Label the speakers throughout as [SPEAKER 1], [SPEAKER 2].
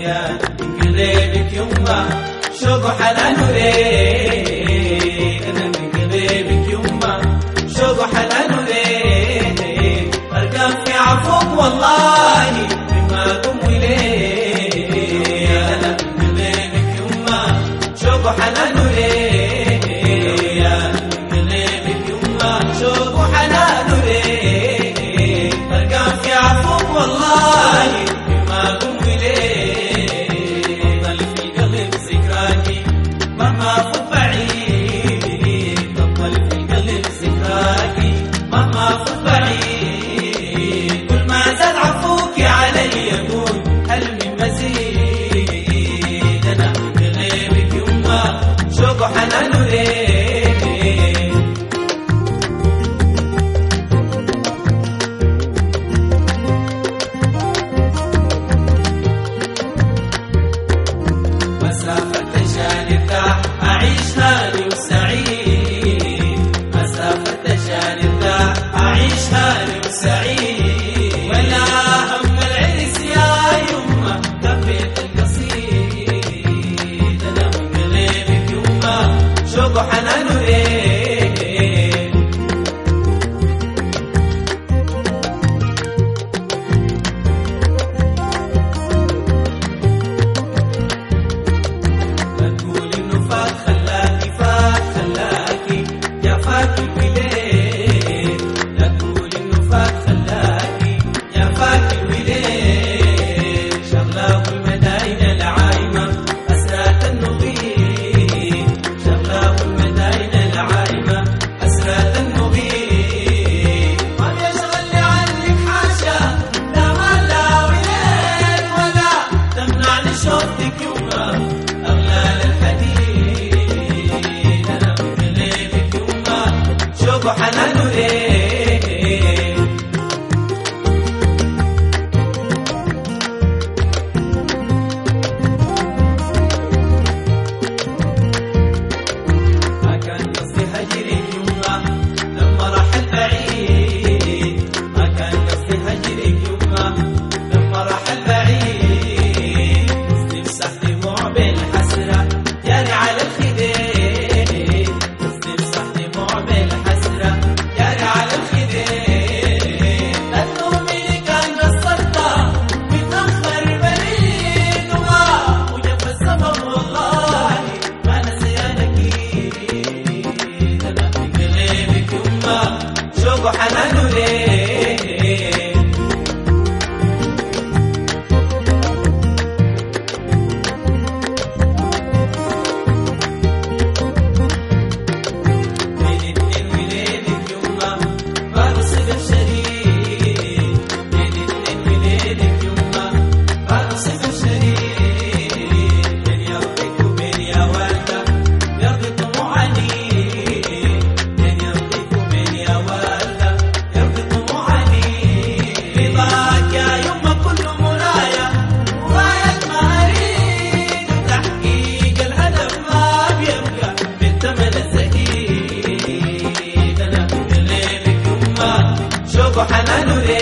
[SPEAKER 1] وياك قلبك يما شوق حنان وريح أعيش هاني وسعيد مسافة تشاني أعيش هاني وسعيد ولا هم العرس يا يما كفيت القصيد أنا من قلبك يما شوق حنان وإيه Yeah. وحنان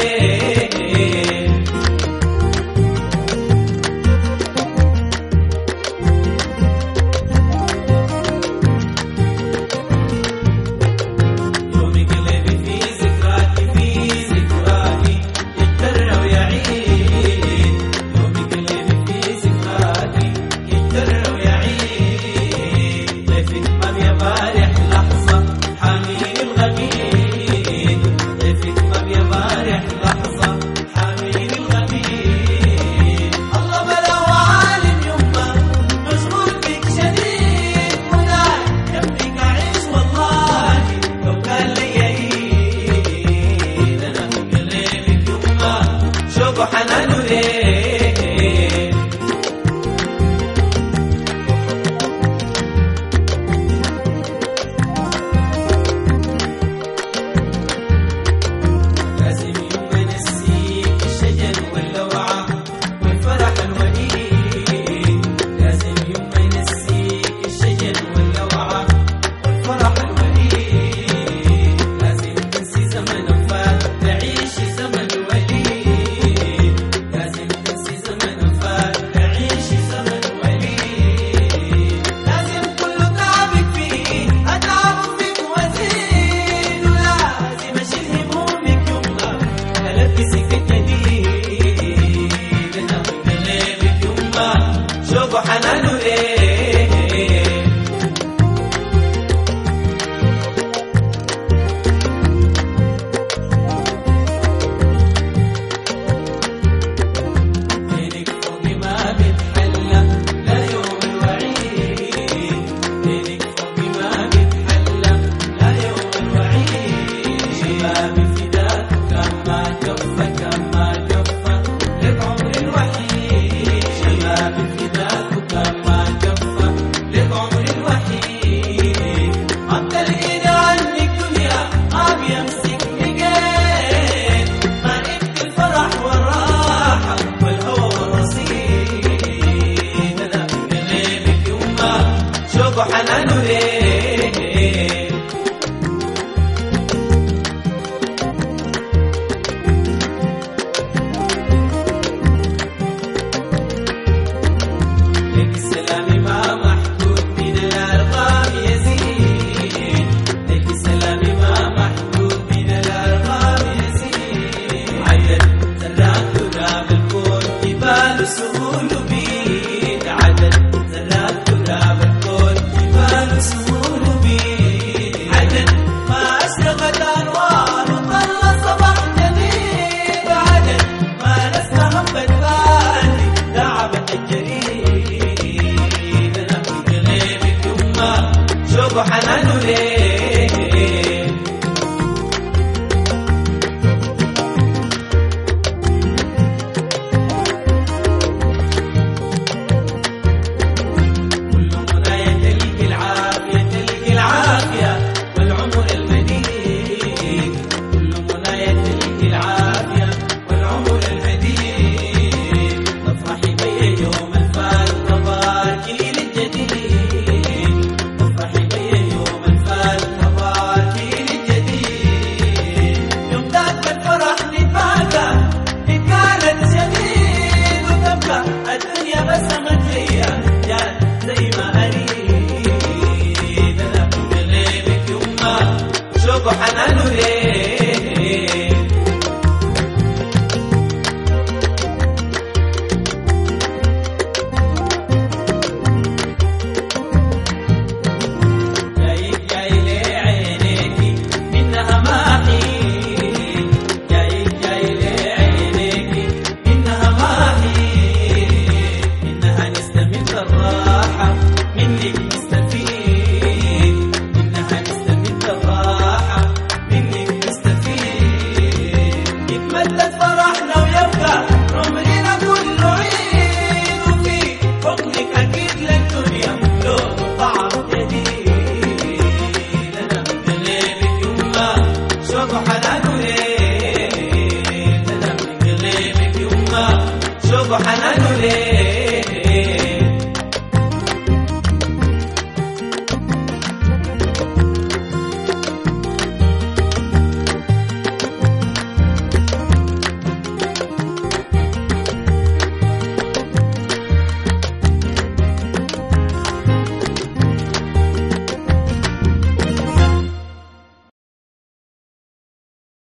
[SPEAKER 1] شوفوا حنان وليه